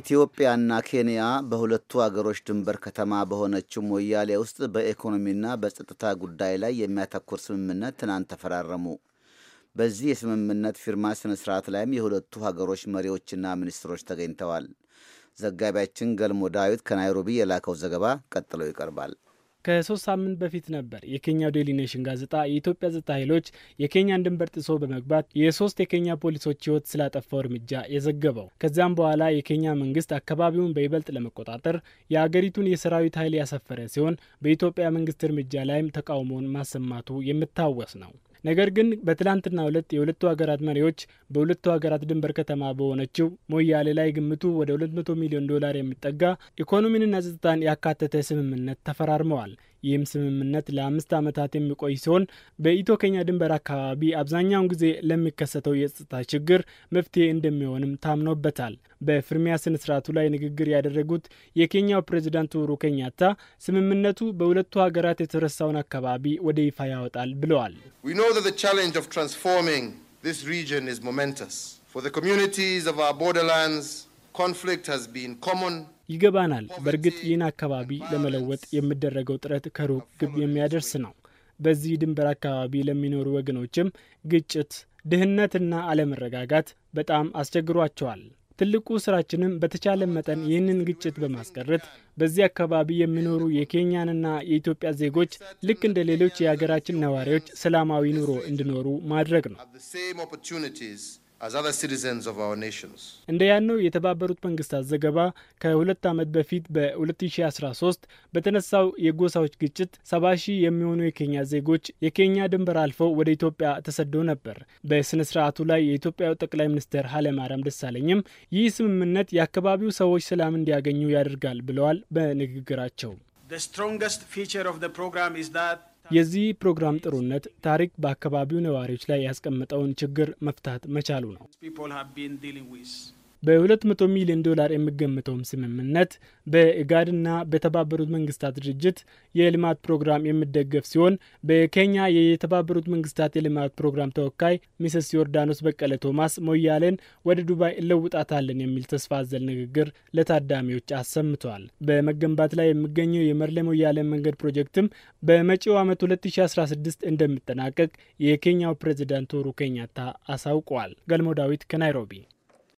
ኢትዮጵያና ኬንያ በሁለቱ አገሮች ድንበር ከተማ በሆነችው ሞያሌ ውስጥ በኢኮኖሚና በጸጥታ ጉዳይ ላይ የሚያተኩር ስምምነት ትናንት ተፈራረሙ። በዚህ የስምምነት ፊርማ ስነ ስርዓት ላይም የሁለቱ ሀገሮች መሪዎችና ሚኒስትሮች ተገኝተዋል። ዘጋቢያችን ገልሞ ዳዊት ከናይሮቢ የላከው ዘገባ ቀጥሎ ይቀርባል። ከሶስት ሳምንት በፊት ነበር የኬንያው ዴሊ ኔሽን ጋዜጣ የኢትዮጵያ ጸጥታ ኃይሎች የኬኛን ድንበር ጥሶ በመግባት የሶስት የኬኛ ፖሊሶች ህይወት ስላጠፋው እርምጃ የዘገበው። ከዚያም በኋላ የኬኛ መንግስት አካባቢውን በይበልጥ ለመቆጣጠር የአገሪቱን የሰራዊት ኃይል ያሰፈረ ሲሆን በኢትዮጵያ መንግስት እርምጃ ላይም ተቃውሞውን ማሰማቱ የሚታወስ ነው። ነገር ግን በትላንትና ሁለት የሁለቱ ሀገራት መሪዎች በሁለቱ ሀገራት ድንበር ከተማ በሆነችው ሞያሌ ላይ ግምቱ ወደ 200 ሚሊዮን ዶላር የሚጠጋ ኢኮኖሚንና ጸጥታን ያካተተ ስምምነት ተፈራርመዋል። ይህም ስምምነት ለአምስት ዓመታት የሚቆይ ሲሆን በኢትዮ ኬንያ ድንበር አካባቢ አብዛኛውን ጊዜ ለሚከሰተው የጸጥታ ችግር መፍትሄ እንደሚሆንም ታምኖበታል። በፍርሚያ ስነ ስርዓቱ ላይ ንግግር ያደረጉት የኬንያው ፕሬዚዳንት ኡሁሩ ኬንያታ ስምምነቱ በሁለቱ ሀገራት የተረሳውን አካባቢ ወደ ይፋ ያወጣል ብለዋል። that the challenge of transforming this region is momentous. For the communities of our borderlands, conflict has been common ይገባናል። በእርግጥ ይህን አካባቢ ለመለወጥ የምደረገው ጥረት ከሩቅ ግብ የሚያደርስ ነው። በዚህ ድንበር አካባቢ ለሚኖሩ ወገኖችም ግጭት፣ ድህነትና አለመረጋጋት በጣም አስቸግሯቸዋል። ትልቁ ስራችንም በተቻለ መጠን ይህንን ግጭት በማስቀረት በዚህ አካባቢ የሚኖሩ የኬንያንና የኢትዮጵያ ዜጎች ልክ እንደ ሌሎች የሀገራችን ነዋሪዎች ሰላማዊ ኑሮ እንዲኖሩ ማድረግ ነው። እንደ ያነው የተባበሩት መንግስታት ዘገባ ከሁለት ዓመት በፊት በ2013 በተነሳው የጎሳዎች ግጭት 70 ሺህ የሚሆኑ የኬንያ ዜጎች የኬንያ ድንበር አልፈው ወደ ኢትዮጵያ ተሰደው ነበር። በስነ ስርዓቱ ላይ የኢትዮጵያው ጠቅላይ ሚኒስትር ኃይለማርያም ደሳለኝም ይህ ስምምነት የአካባቢው ሰዎች ሰላም እንዲያገኙ ያደርጋል ብለዋል። በንግግራቸው የዚህ ፕሮግራም ጥሩነት ታሪክ በአካባቢው ነዋሪዎች ላይ ያስቀምጠውን ችግር መፍታት መቻሉ ነው። በ200 ሚሊዮን ዶላር የሚገምተውም ስምምነት በእጋድና በተባበሩት መንግስታት ድርጅት የልማት ፕሮግራም የሚደገፍ ሲሆን በኬንያ የተባበሩት መንግስታት የልማት ፕሮግራም ተወካይ ሚስስ ዮርዳኖስ በቀለ ቶማስ ሞያሌን ወደ ዱባይ እለውጣታለን የሚል ተስፋ አዘል ንግግር ለታዳሚዎች አሰምተዋል። በመገንባት ላይ የሚገኘው የመርሌ ሞያሌ መንገድ ፕሮጀክትም በመጪው ዓመት 2016 እንደሚጠናቀቅ የኬንያው ፕሬዚዳንት ኡሁሩ ኬንያታ አሳውቀዋል። ገልሞ ዳዊት ከናይሮቢ